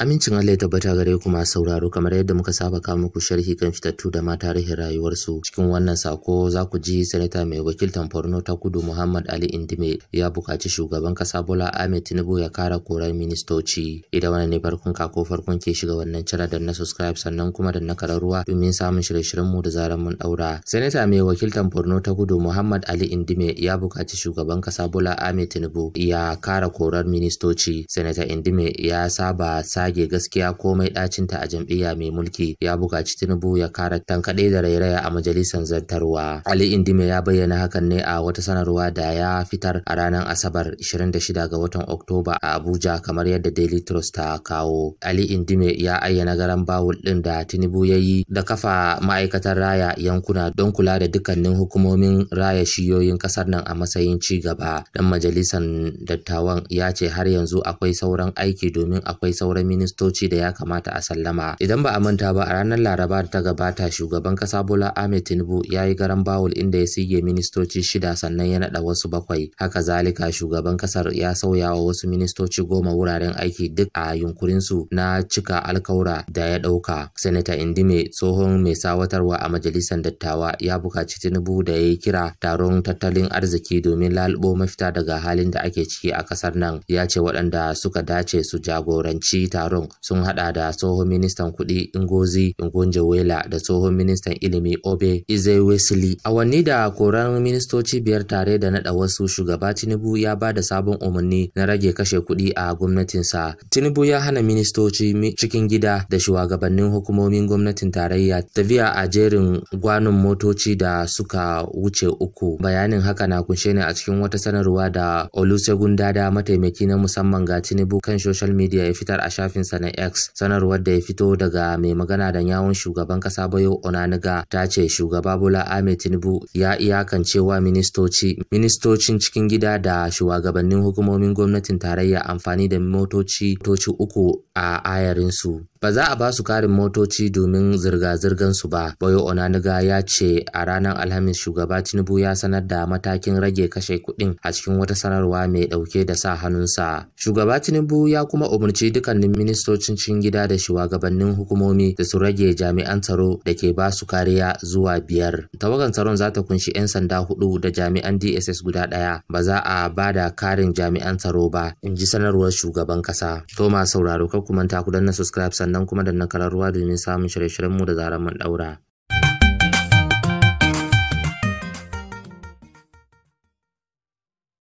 Amincin Allah ya tabbata gare ku masu sauraro kamar yadda muka saba ka muku sharhi kan fitattu da ma tarihin rayuwarsu. Cikin wannan sako za ku ji sanata mai wakiltan Borno ta Kudu Muhammad Ali Indime ya bukaci shugaban kasa Bola Ahmed Tinubu ya kara korar ministoci. Idan wani ne farkon ka ko farkon ke shiga wannan cira da na subscribe sannan kuma da na kararruwa domin samun shirye-shiryen mu da zarar mun daura. Sanata mai wakiltan Borno ta Kudu Muhammad Ali Indime ya bukaci shugaban kasa Bola Ahmed Tinubu ya kara korar ministoci. Sanata Indime ya saba sa dage gaskiya komai ɗacinta a jam'iyya mai mulki ya buƙaci Tinubu ya kara tankaɗe da rairaya a majalisar zantarwa. Ali Indime ya bayyana hakan ne a wata sanarwa da ya fitar a ranar Asabar 26 ga watan Oktoba a Abuja kamar yadda Daily Trust ta kawo. Ali Indime ya ayyana garan bawul ɗin da Tinubu ya yi da kafa ma'aikatar raya yankuna don kula da dukkanin hukumomin raya shiyoyin ƙasar nan a matsayin ci gaba. Dan majalisar dattawan ya ce har yanzu akwai sauran aiki domin akwai sauran ministoci da ya kamata a sallama idan ba a manta ba a ranar laraba ta gabata shugaban kasa bola ahmed tinubu ya yi garan bawul inda ya sige ministoci shida sannan ya naɗa wasu bakwai haka zalika shugaban kasar ya sauya wa wasu ministoci goma wuraren aiki duk a yunkurinsu na cika alkaura da ya ɗauka Seneta indime tsohon mai sawatarwa a majalisar dattawa ya buƙaci tinubu da ya yi kira taron tattalin arziki domin lalubo mafita daga halin da ake ciki a kasar nan ya ce waɗanda suka dace su jagoranci ta taron sun hada da tsohon ministan kuɗi Ngozi Ngonjewela da tsohon ministan ilimi Obe Ize Wesley. Awanni da koran ministoci biyar tare da nada wasu shugaba Tinubu ya ba da sabon umarni na rage kashe kuɗi a gwamnatinsa. Tinubu ya hana ministoci cikin gida da shugabannin hukumomin gwamnatin tarayya tafiya a jerin gwanon motoci da suka wuce uku. Bayanin haka na kunshe ne a cikin wata sanarwa da Olusegun Dada mataimaki na musamman ga Tinubu kan social media ya fitar a shafin shafinsa na X. Sanarwar da ya fito daga mai magana da yawon shugaban kasa Bayo Onanuga, ta ce shugaba Bola Ahmed Tinubu ya iyakancewa ministoci ministocin cikin gida da shugabannin hukumomin gwamnatin tarayya amfani da motoci toci uku a su Ba za a ba su karin motoci domin zirga-zirgar su ba. Bayo Onanuga ya ce a ranar Alhamis shugaba Tinubu ya sanar da matakin rage kashe kuɗin a cikin wata sanarwa mai ɗauke da sa hannunsa. Shugaba Tinubu ya kuma umarci dukkanin ministocin cikin gida da shugabannin hukumomi da su rage jami'an tsaro da ke ba su kariya zuwa biyar. Tawagan tsaron za ta kunshi 'yan sanda hudu da jami'an DSS guda ɗaya ba za a ba da karin jami'an tsaro ba in ji sanarwar shugaban ƙasa. To ma sauraro kar ku manta ku danna subscribe sannan kuma danna kararruwa domin samun shirye mu da zarar mun daura.